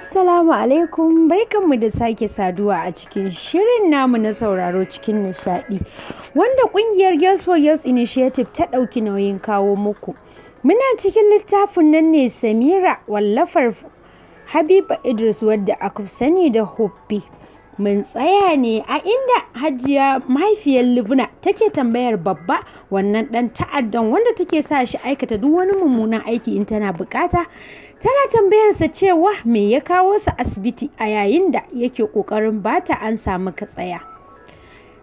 Assalamu alaikum barkanmu da sake saduwa a cikin shirin namu na sauraro cikin nishadi wanda kungiyar Girls for Girls Initiative ta ɗauki nauyin kawo muku. Muna cikin littafin nan ne Samira wallafar Habiba Idris wadda aka sani da hobbi. Mun tsaya ne a inda hajiya mahaifiyar Libna take tambayar babba wannan ɗan ta'addan wanda take sa shi aikata duk wani mummunan aiki in tana bukata. tana tambayarsa cewa me ya kawo su asibiti a yayin da yake ba ta an samu katsaya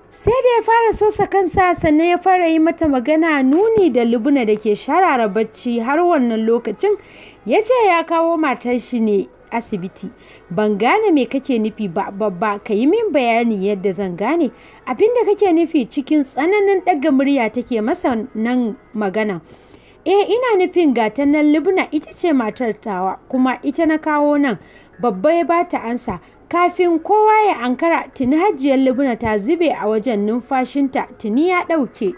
sai da ya fara sosa kansa sannan ya fara yi mata magana nuni da lubuna da ke sharara bacci har wannan lokacin ya ce ya kawo matar shi ne asibiti ban gane me kake nufi ba babba ka yi min bayani yadda zan gane abinda kake nufi cikin tsananin daga murya take masa nan magana eh ina nufin gata nan libna ita ce matar tawa kuma ita na kawo nan babba ya bata ansa kafin kowa ya ankara tuni hajiyar libna ta zube a wajen numfashinta tuni ya ɗauke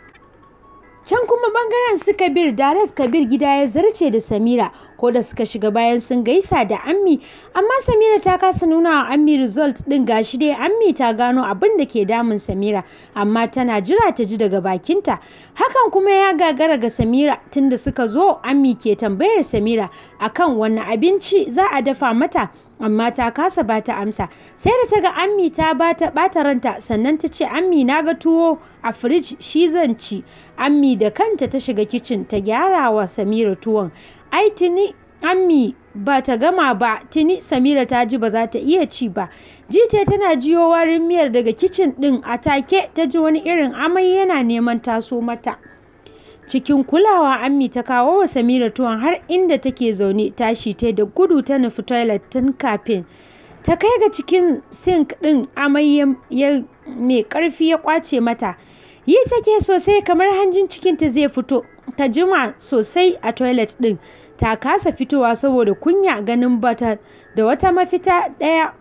can kuma bangaren su kabir darat kabir gida ya zarce da samira ko da suka shiga bayan sun gaisa da ammi amma samira ta kasa nuna wa ammi result din gashi dai ammi ta gano abin da ke damun samira amma tana jira ta ji daga bakinta hakan kuma ya gagara ga samira tunda suka zo ammi ke tambayar samira akan wani abinci za a dafa mata amma ta kasa ba ta amsa sai da ta ga ammi ta bata ranta sannan ta ce ammi na ga tuwo a firij shi zan ci ammi da kanta ta shiga kicin ta gyara wa samira tuwon ai tuni ammi ba ta gama ba tuni samira ta ji ba za ta iya ci ba jite tana jiyo warin miyar daga kicin din a take ta ji wani irin amai yana neman taso mata cikin kulawa ammi ta kawo wa samira tuwon har inda take zaune tashi ta da gudu ta nufi toilet tun kafin ta kai ga cikin sink ɗin amai mai karfi ya kwace mata yi take sosai kamar hanjin cikinta zai fito ta jima sosai a toilet din ta kasa fitowa saboda kunya ganin bata da wata mafita ɗaya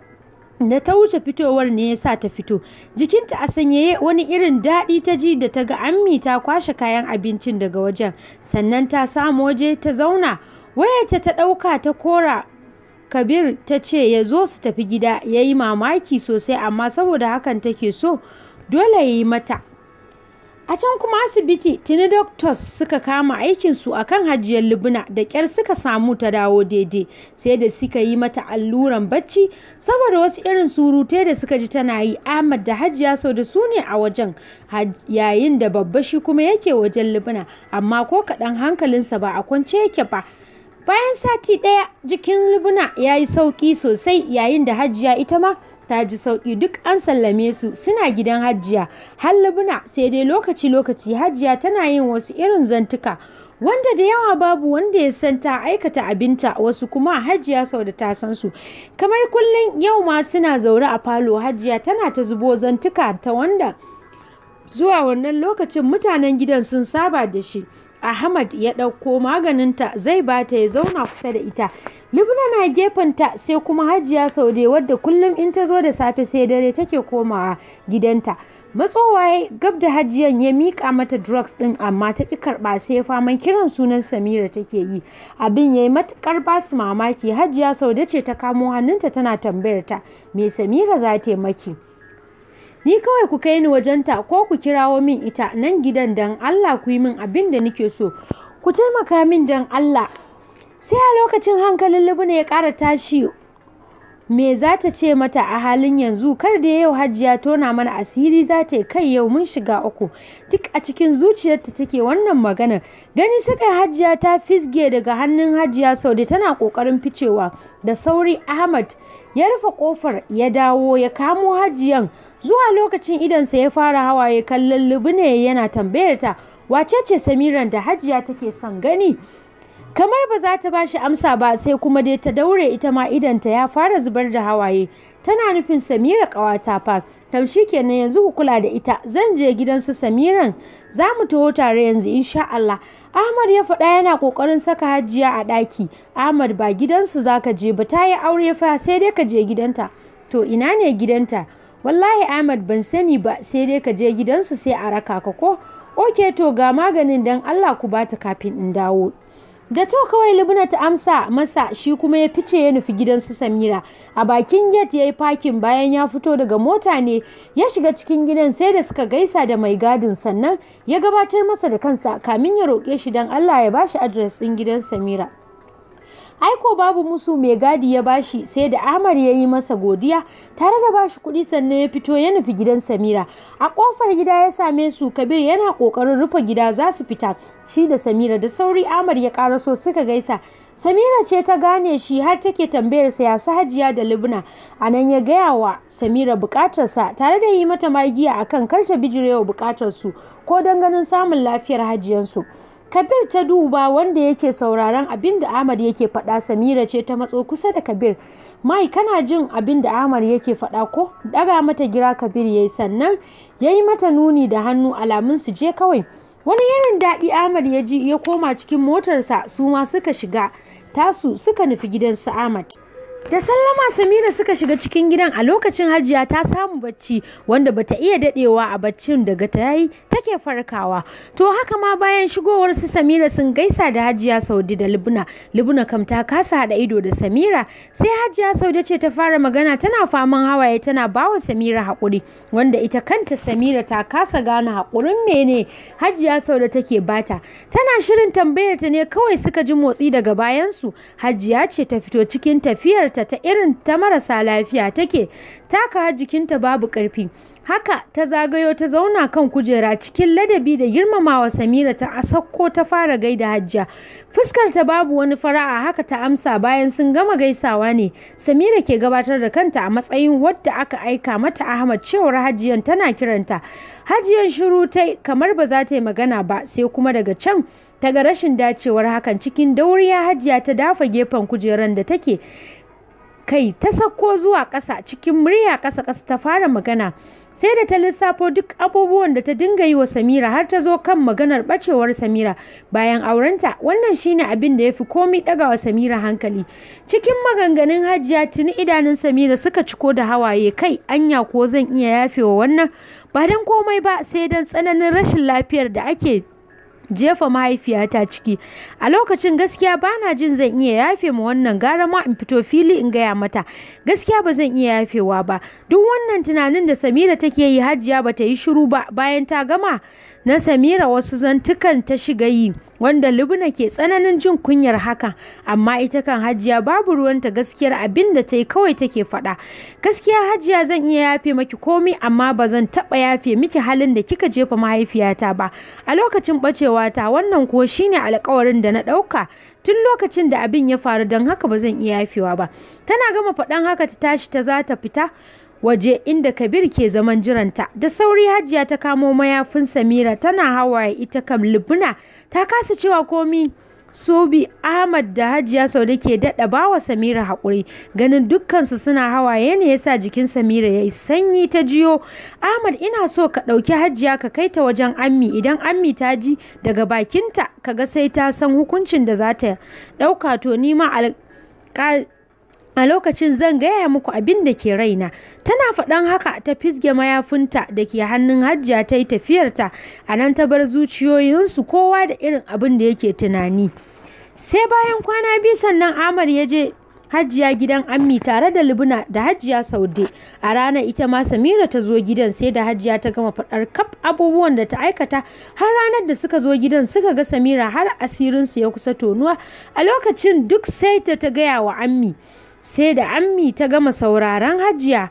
da ta wuce fitowar ne ya sa ta fito jikinta a sanyaye wani irin daɗi ta ji da ta ga ammi ta kwashe kayan abincin daga wajen sannan ta samu waje ta zauna wayarta ta ɗauka ta kora kabir ta ce ya zo su tafi gida ya yi mamaki sosai amma saboda hakan take so dole ya yi mata A can kuma asibiti tuni doctors suka kama aikinsu a kan hajiyar Libna da ƙyar suka samu ta dawo daidai sai da suka yi mata alluran bacci saboda wasu irin surutai da suka ji tana yi Ahmad da Hajiya sau da su ne a wajen yayin da babba shi kuma yake wajen Libna amma ko kaɗan hankalinsa ba a kwance yake ba. Bayan sati ɗaya jikin Libna ya yi sauƙi sosai yayin da Hajiya ita ma ta ji sauƙi duk an sallame su suna gidan hajiya labuna sai dai lokaci-lokaci hajiya tana yin wasu irin zantuka wanda da yawa babu wanda ya san ta aikata abinta wasu kuma hajiya sau da ta san su kamar kullum yau ma suna zaure a falo hajiya tana ta zubo zantuka ta wanda zuwa wannan lokacin mutanen gidan sun saba da shi Ahmad ya ɗauko maganinta zai bata ya zauna kusa da ita. Libna na gefenta sai kuma Hajiya sau Saude wadda kullum in ta zo da safe sai dare take komawa gidanta. Matsowaye gab da hajiyan ya miƙa mata drugs ɗin amma ta ƙi karɓa sai ya faman kiran sunan Samira take yi. Abin ya yi matuƙar basu mamaki Hajiya Saude ce ta kamo hannunta tana tambayar ta me Samira za ta yi maki. ni kawai ku kai ni wajenta ko ku kirawo min ita nan gidan dan Allah ku yi min abin da nake so ku taimaka min dan Allah sai a lokacin hankalin libna ya ƙara tashi me za ta ce mata a halin yanzu kar da yau hajiya tona mana asiri za ta kai yau mun shiga uku duk a cikin zuciyarta take wannan maganar gani suka hajiya ta fisge daga hannun hajiya sau da tana kokarin ficewa da sauri ahmad ya rufe kofar ya dawo ya kamo hajiyan zuwa lokacin idansa ya fara hawaye kallon lubune yana tambayar ta wace ce samiran da hajiya take son gani kamar ba za ta bashi amsa ba sai kuma dai ta daure ita ma idanta ya fara zubar da hawaye tana nufin samira ƙawata fa tamshi kenan yanzu ku kula da ita zan je gidan su samiran za mu taho tare yanzu insha Allah Ahmad ya faɗa yana ƙoƙarin saka hajjiya a ɗaki Ahmad ba gidansu za ka je ba ta yi aure fa sai dai ka je gidanta to ina ne gidanta wallahi Ahmad ban sani ba sai dai ka je gidansu sai a raka ka ko oke to ga maganin dan Allah ku bata kafin in dawo da to kawai libna ta amsa masa shi kuma ya fice ya nufi gidan su samira a bakin gate ya yi fakin bayan ya fito daga mota ne ya shiga cikin gidan sai da suka gaisa da mai gadin sannan ya gabatar masa da kansa kamin ya roƙe shi don allah ya bashi adres ɗin gidan samira aiko babu musu mai gadi ya bashi sai da Ahmad ya yi masa godiya tare da bashi kuɗi sannan ya fito ya nufi gidan Samira a kofar gida ya same su Kabir yana kokarin rufe gida za su fita shi da Samira da sauri Ahmad ya karaso suka gaisa Samira ce ta gane shi har take tambayar sa ya su hajiya da Libna a nan ya gaya wa Samira bukatarsa tare da yi mata magiya akan kar ta bijirewa bukatarsu ko don ganin samun lafiyar hajiyansu. su Kabir ta duba wanda yake sauraron abin da Ahmad yake faɗa Samira ce ta matso kusa da Kabir. Mai kana jin abin da Ahmad yake faɗa ko? Daga mata gira Kabir yayi sannan yayi mata nuni da hannu alamun su je kawai. Wani irin daɗi Ahmad ya ji ya koma cikin motarsa su ma suka shiga tasu suka nufi gidan su Ahmad. Da sallama Samira suka shiga cikin gidan a lokacin Hajiya ta samu bacci wanda bata iya dadewa a baccin daga ta yi take farkawa. To haka ma bayan shigowar su Samira sun gaisa da Hajiya Saudi da Libna. Libna kam ta kasa hada ido da Samira sai Hajiya Saudi ce ta fara magana tana faman hawaye tana bawa Samira hakuri wanda ita kanta Samira ta kasa gane hakurin mene Hajiya Saudi take bata. Tana shirin tambayar ta ne kawai suka ji motsi daga bayan su. Hajiya ce ta fito cikin tafiyar nata ta irin ta marasa lafiya take taka jikinta babu ƙarfi haka ta zagayo ta zauna kan kujera cikin ladabi da girmamawa samira ta asakko ta fara gaida hajja fuskar ta babu wani fara'a haka ta amsa bayan sun gama gaisawa ne samira ke gabatar da kanta a matsayin wadda aka aika mata ahmad cewar hajiyan tana kiranta hajiyan shiru ta kamar ba za ta yi magana ba sai kuma daga can ta ga rashin dacewar hakan cikin dauriya hajiya ta dafa gefen kujeran da take kai ta sako zuwa ƙasa cikin murya ƙasa ƙasa ta fara magana sai da ta lissafo duk abubuwan da ta dinga yi wa samira har ta zo kan maganar ɓacewar samira bayan aurenta wannan shine abin da ya fi komi ɗaga wa samira hankali cikin maganganun hajiya tuni idanun samira suka ciko da hawaye kai anya ko zan iya yafewa wannan ba don komai ba sai don tsananin rashin lafiyar da ake jefa mahaifiyata ciki a lokacin gaskiya bana jin zan iya yafe ma wannan gara ma in fito fili in gaya mata gaskiya ba zan iya yafewa ba duk wannan tunanin da samira take yi hajiya ba ta yi shiru ba bayan ta gama na Samira wasu zantukan ta shiga yi wanda Lubna ke tsananin jin kunyar haka amma ita kan Hajiya babu ruwanta gaskiyar abin da ta yi kawai take faɗa. Gaskiya Hajiya zan iya yafe maki komi amma ba zan taɓa yafe miki halin da kika jefa mahaifiyata ba. A lokacin ɓacewata wannan ko shine alkawarin da na ɗauka tun lokacin da abin ya faru don haka ba zan iya yafewa ba. Tana gama faɗan haka ta tashi ta za ta fita waje inda Kabir ke zaman jiranta. Da sauri Hajiya ta kamo mayafin Samira tana hawaye ita kam lubuna ta kasa cewa komi. Sobi Ahmad da Hajiya Saude ke daɗa bawa Samira haƙuri ganin dukkansu suna hawaye ne yasa jikin Samira ya yi sanyi ta jiyo. Ahmad ina so ka ɗauki Hajiya ka kai ta wajen Ammi idan Ammi ta ji daga bakinta ka ga sai ta san hukuncin da za ta ɗauka to ma alƙa a lokacin zan gaya muku abin da ke raina tana faɗan haka ta fisge mayafinta da ke hannun hajjiya ta yi tafiyarta a nan ta bar zuciyoyinsu kowa da irin abin da yake tunani sai bayan kwana biyu sannan amar ya je Hajiya gidan Ammi tare da libina da Hajiya Saude. A ranar ita ma Samira ta zo gidan sai da Hajiya ta gama faɗar kaf abubuwan da ta aikata har ranar da suka zo gidan suka ga Samira har asirinsu ya kusa tonuwa a lokacin duk sai ta ta gaya wa Ammi. sai da ammi ta gama sauraron hajiya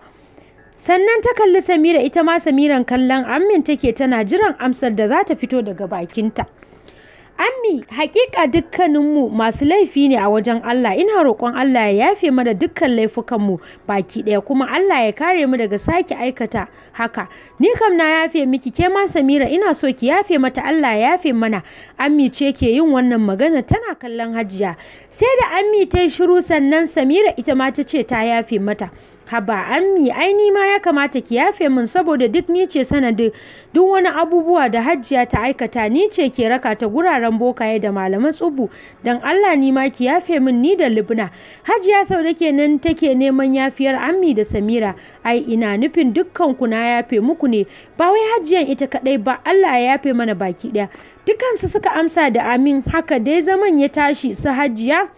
sannan ta kalli samira ita ma samiran kallon ammin take tana jiran amsar da za ta fito daga bakinta Ammi, hakika dukkaninmu masu laifi ne a wajen Allah, ina roƙon Allah ya yafe mana dukkan laifukanmu baki ɗaya kuma Allah ya kare mu daga sake aikata haka. Ni kam na yafe miki ke ma Samira ina so ki yafe mata Allah ya yafe mana. Ammi ce ke yin wannan magana tana kallon Hajiya. Sai da Ammi ta yi shiru sannan Samira ita ma ta ce ta yafe mata. haba ammi ai ni ma ya kamata ki yafe min saboda duk ni ce sanadin duk wani abubuwa da hajjiya ta aikata ni ce ke raka ta guraren bokaye da malaman tsubu dan Allah ni ma ki yafe min ni da libna hajjiya sau da kenan take neman yafiyar ammi da samira ai ina nufin dukkan ku na yafe muku ne ba wai hajjiyan ita kadai ba Allah ya yafe mana baki daya dukansu suka amsa da amin haka dai zaman ya tashi su hajjiya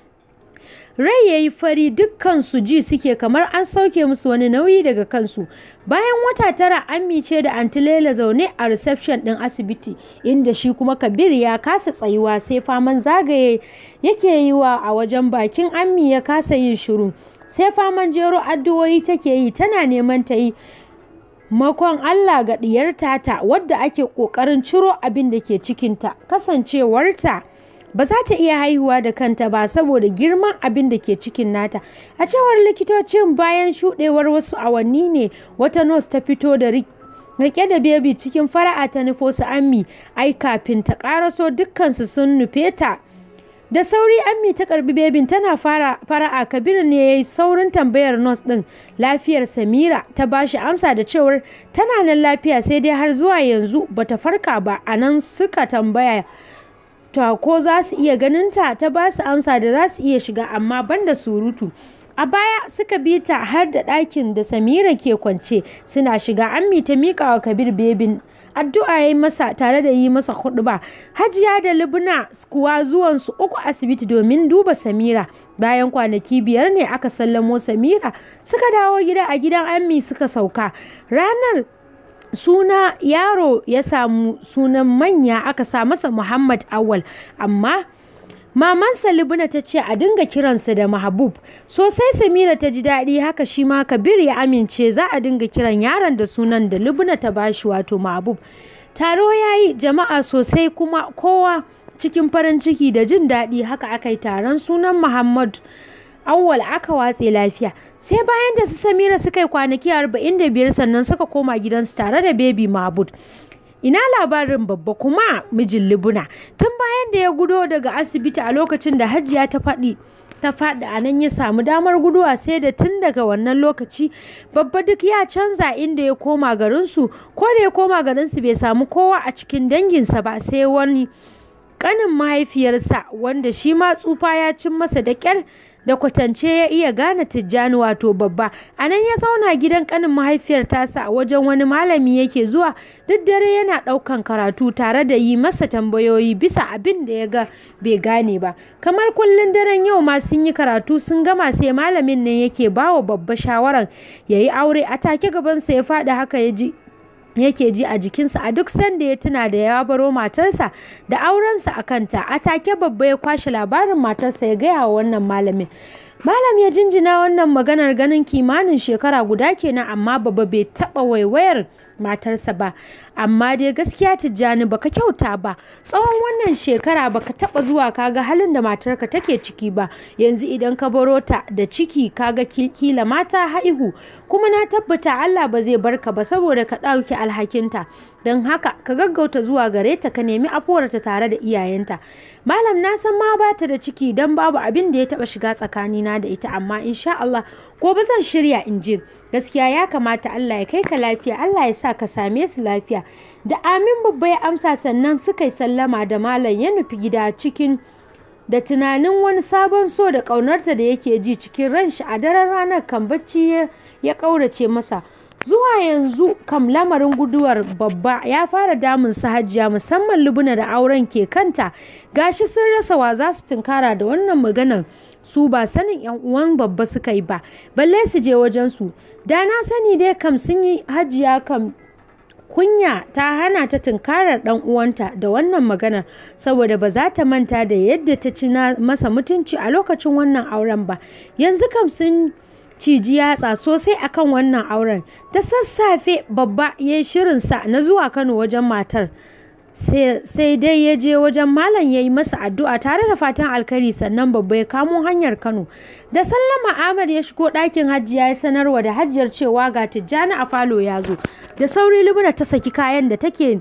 Rai ya yi fari dukkansu ji suke kamar an sauke musu wani nauyi daga kansu. Bayan wata tara amince da Antilela zaune a reception ɗin asibiti inda shi kuma Kabir ya kasa tsayuwa sai faman zagaye yake yi wa a wajen bakin ammi ya kasa yin shiru. Sai faman jero addu'o'i take yi tana neman ta yi makon Allah ga ɗiyarta tata wadda ake ƙoƙarin ciro abin da ke cikinta kasancewarta ba za ta iya haihuwa da kanta ba saboda girman abin da ke cikin nata a cewar likitocin bayan shuɗewar wasu awanni ne wata nos ta fito da rike da bebi cikin fara'a ta nufo su ammi ai kafin ta karaso dukkansu sun nufe ta da sauri ammi ta karbi bebin tana fara fara'a kabir ne ya yi saurin tambayar nos din lafiyar samira ta bashi amsa da cewar tana nan lafiya sai dai har zuwa yanzu bata farka ba a nan suka tambaya ta ko za su iya ganin ta ba su amsa da za su iya shiga amma banda surutu a baya suka bi ta har da ɗakin da samira ke kwance suna shiga ammi ta miƙa wa kabir bebin addu'a ya yi masa tare da yi masa ba hajiya da libna kuwa zuwansu uku asibiti domin duba samira bayan kwanaki biyar ne aka sallamo samira suka dawo gida a gidan ammi suka sauka ranar suna yaro ya samu sunan manya aka sa masa muhammad awal amma mamansa libna ta ce a dinga kiransa da mahabub sosai samira ta ji daɗi haka shi ma kabir ya amince za a dinga kiran yaron da sunan da libna ta bashi wato mahabub taro ya yi jama'a sosai kuma kowa cikin farin ciki da jin daɗi haka aka yi taron sunan muhammad awwal aka watse lafiya sai bayan da su samira suka yi kwanaki 45 sannan suka koma gidansu tare da baby mabud ina labarin babba kuma mijin libuna tun bayan da ya gudo daga asibiti a lokacin da hajiya ta faɗi ta faɗi a nan ya samu damar guduwa sai da tun daga wannan lokaci babba duk ya canza inda ya koma garinsu ko da ya koma garinsu bai samu kowa a cikin danginsa ba sai wani kanin mahaifiyarsa wanda shi ma tsufa ya cin masa da ƙyar da kwatance ya iya gane tijjani wato babba a nan ya zauna gidan kanin mahaifiyar tasa a wajen wani malami yake zuwa duk dare yana ɗaukan karatu tare da yi masa tambayoyi bisa abin da ya ga bai gane ba kamar kullum daren yau ma sun yi karatu sun gama sai malamin nan yake bawa babba shawaran ya yi aure a take gabansa ya faɗi haka ya ji yake ji a jikinsa a duk sanda ya tuna da ya baro matarsa da aurensa a kanta a take babba ya kwashe labarin matarsa ya gaya wa wannan malamin malam ya jinjina wannan maganar ganin kimanin shekara guda kenan amma babba bai taɓa waiwayar matarsa ba amma dai gaskiya tijjani baka kyauta ba tsawon wannan shekara baka taba zuwa kaga halin da matarka take ciki ba yanzu idan ka baro ta da ciki kaga kila mata haihu kuma na tabbata Allah ba zai barka ba saboda ka ɗauki alhakinta don haka ka gaggauta zuwa gare ta ka nemi afuwar ta tare da iyayenta malam na san ma bata da ciki don babu abin da ya taba shiga tsakanina da ita amma insha Allah gobe zan shirya in je gaskiya ya kamata Allah ya kai ka lafiya Allah ya sa ka same su lafiya da amin babba ya amsa sannan suka yi sallama da malam ya nufi gida cikin da tunanin wani sabon so da ƙaunarta da yake ji cikin ranshi a daren ranar kan bacci ya ƙaurace masa zuwa yanzu kam lamarin guduwar babba ya fara damun su hajiya musamman lubuna da auren ke kanta gashi sun rasa wa za su tunkara da wannan maganar su ba sanin yan uwan babba suka yi ba balle su je wajen su da na sani dai kam sun yi hajiya kam kunya ta hana ta tunkarar dan uwanta da wannan maganar saboda ba za ta manta da yadda ta ci masa mutunci a lokacin wannan auren ba yanzu kam sun ciji yatsa sosai akan wannan auren da sassafe babba ya yi shirinsa na zuwa kano wajen matar sai dai ya je wajen malam ya yi masa addu'a tare da fatan alkhairi sannan babba ya kamo hanyar kano da sallama ahmad ya shigo ɗakin hajjiya ya sanarwa da hajjiyar cewa ga tijjani a falo ya zo da sauri libina ta saki kayan da take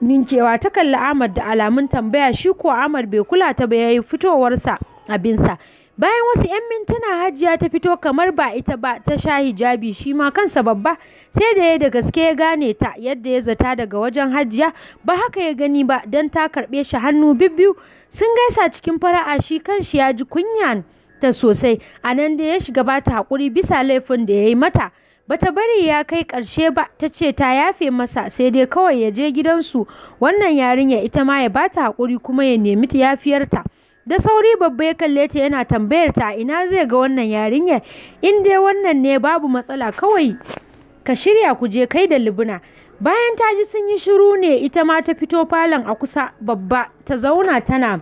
ninkewa ta kalli ahmad da alamun tambaya shi ko ahmad bai kula ta ba ya yi fitowarsa abinsa Bayan wasu 'yan mintuna Hajiya ta fito kamar ba ita ba ta sha hijabi shi ma kansa babba sai da ya da gaske ya gane ta yadda ya zata daga wajen Hajiya ba haka ya gani ba don ta karɓe shi hannu bibbiyu sun gaisa cikin fara'a shi kanshi ya ji kunya ta sosai a nan da ya shiga ba ta haƙuri bisa laifin da ya yi mata. bata bari ya kai ƙarshe ba ta ce ta yafe masa sai dai kawai ya je gidansu wannan yarinya ita ma ya bata haƙuri kuma ya nemi ta yafiyarta. da sauri babba ya kalle ta yana tambayar ta ina zai ga wannan yarinyar in dai wannan ne babu matsala kawai ka shirya ku je kai da libina bayan ta ji sun yi shiru ne ita ma ta fito falon a kusa babba ta zauna tana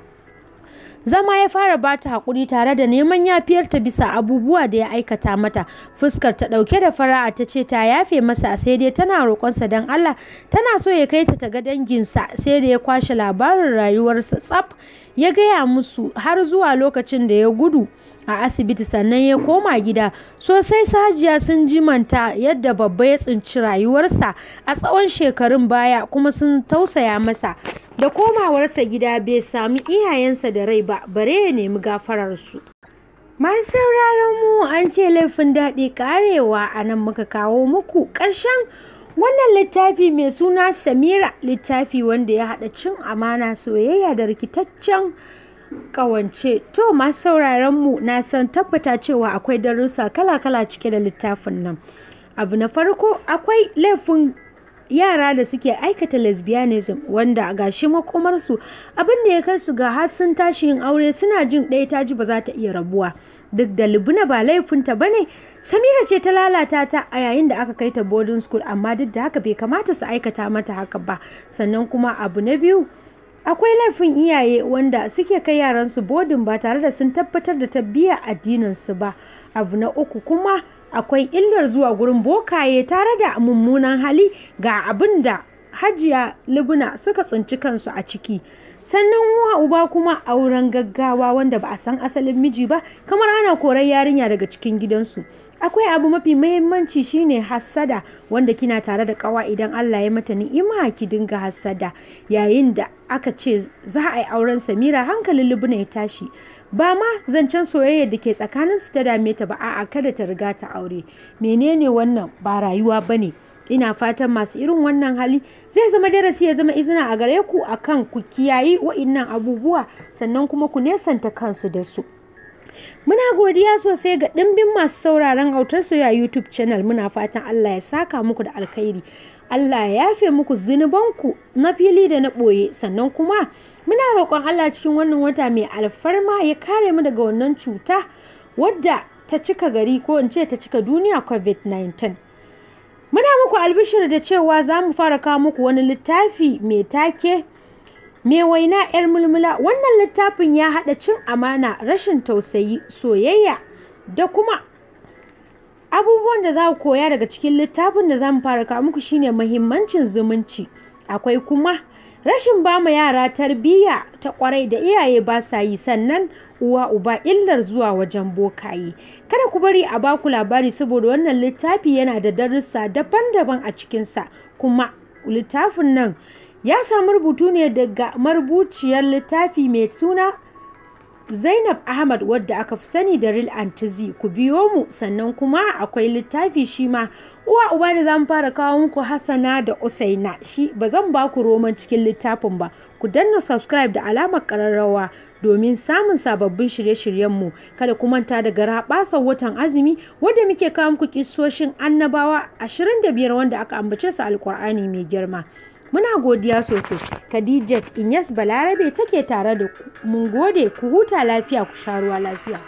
zama ya fara bata hakuri tare da neman yafiyarta bisa abubuwa da ya aikata mata fuskar ta ɗauke da fara'a ta ce ta yafe masa sai dai tana roƙonsa don Allah tana so ya kai ta ta ga danginsa sai da ya kwashe labarin rayuwarsa tsaf ya gaya musu har zuwa lokacin da ya gudu a asibiti sannan ya koma gida sosai sajiya sun jimanta yadda babba ya tsinci rayuwarsa a tsawon shekarun baya kuma sun tausaya masa da komawarsa gida bai sami iyayensa da rai ba bare ya nemi gafararsu Masu sauraron mu an ce laifin daɗi ƙarewa a nan muka kawo muku ƙarshen Wannan littafi mai suna Samira littafi wanda ya haɗa cin amana soyayya da rikitaccen ƙawance. To masu sauraron mu na san tabbata cewa akwai darussa kala-kala cike da littafin nan. Abu na farko akwai laifin yara da suke aikata lesbianism wanda gashi makomarsu abin da ya kai su ga har sun tashi yin aure suna jin ɗaya ta ji ba za ta iya rabuwa duk da libina ba laifinta ba ne samira ce ta lalata ta a yayin da aka kai ta boarding school amma duk da haka bai kamata su aikata mata haka ba sannan kuma abu na biyu akwai laifin iyaye wanda suke kai yaransu boarding ba tare da sun tabbatar da ta addinin addininsu ba abu na uku kuma akwai illar zuwa gurin bokaye tare da mummunan hali ga abin da hajiya libuna suka tsinci kansu a ciki sannan wa uba kuma auren gaggawa wanda ba a san asalin miji ba kamar ana korar yarinya daga cikin gidansu akwai abu mafi mahimmanci shine hassada wanda kina tare da kawa idan Allah ya mata ni'ima ki dinga hassada yayin da aka ce za a yi auren Samira hankalin libuna ya tashi ba ma zancen soyayyar da ke tsakanin su ta dame ta ba a'a kada ta riga ta aure menene wannan ba rayuwa ba ne? ina fatan masu irin wannan hali zai zama darasi ya zama izina a gare ku kan ku kiyayi wa'innan abubuwa sannan kuma ku nesanta kansu da su Muna godiya sosai ga ɗimbin masu sauraron autar soya YouTube channel muna fatan Allah ya saka muku da alkhairi. Allah ya yafe muku zinubanku na fili da na ɓoye sannan kuma muna roƙon Allah cikin wannan wata mai alfarma ya kare mu daga wannan cuta wadda ta cika gari ko in ce ta cika duniya covid-19 muna muku albishir da cewa za mu fara kawo muku wani littafi mai take mai waina 'yar mulmula wannan littafin ya haɗa cin amana rashin tausayi soyayya da kuma abubuwan da za ku koya daga cikin littafin da za mu fara kawo muku shine muhimmancin zumunci akwai kuma rashin ba mu yara tarbiyya ta kwarai da iyaye ba sa yi sannan uwa uba illar zuwa wajen bokaye kada ku bari a ba ku labari saboda wannan littafi yana da darussa daban-daban a cikinsa kuma littafin nan ya samu rubutu ne daga marubuciyar littafi mai suna Zainab Ahmad wadda aka fi sani da Real Antizi ku biyo mu sannan kuma akwai littafi shi ma uwa uba da zamu fara kawo muku Hassana da Usaina shi ba zan ba ku roman cikin littafin ba ku danna subscribe da alamar kararrawa domin samun sababbin shirye-shiryenmu kada ku manta da raɓasar watan azumi wadda muke kawo muku kisoshin annabawa 25 wanda aka ambace su alkur'ani mai girma Muna godiya sosai. Khadijat Inyas Balarabe take tare da ku. Mun gode ku huta lafiya ku sha ruwa lafiya.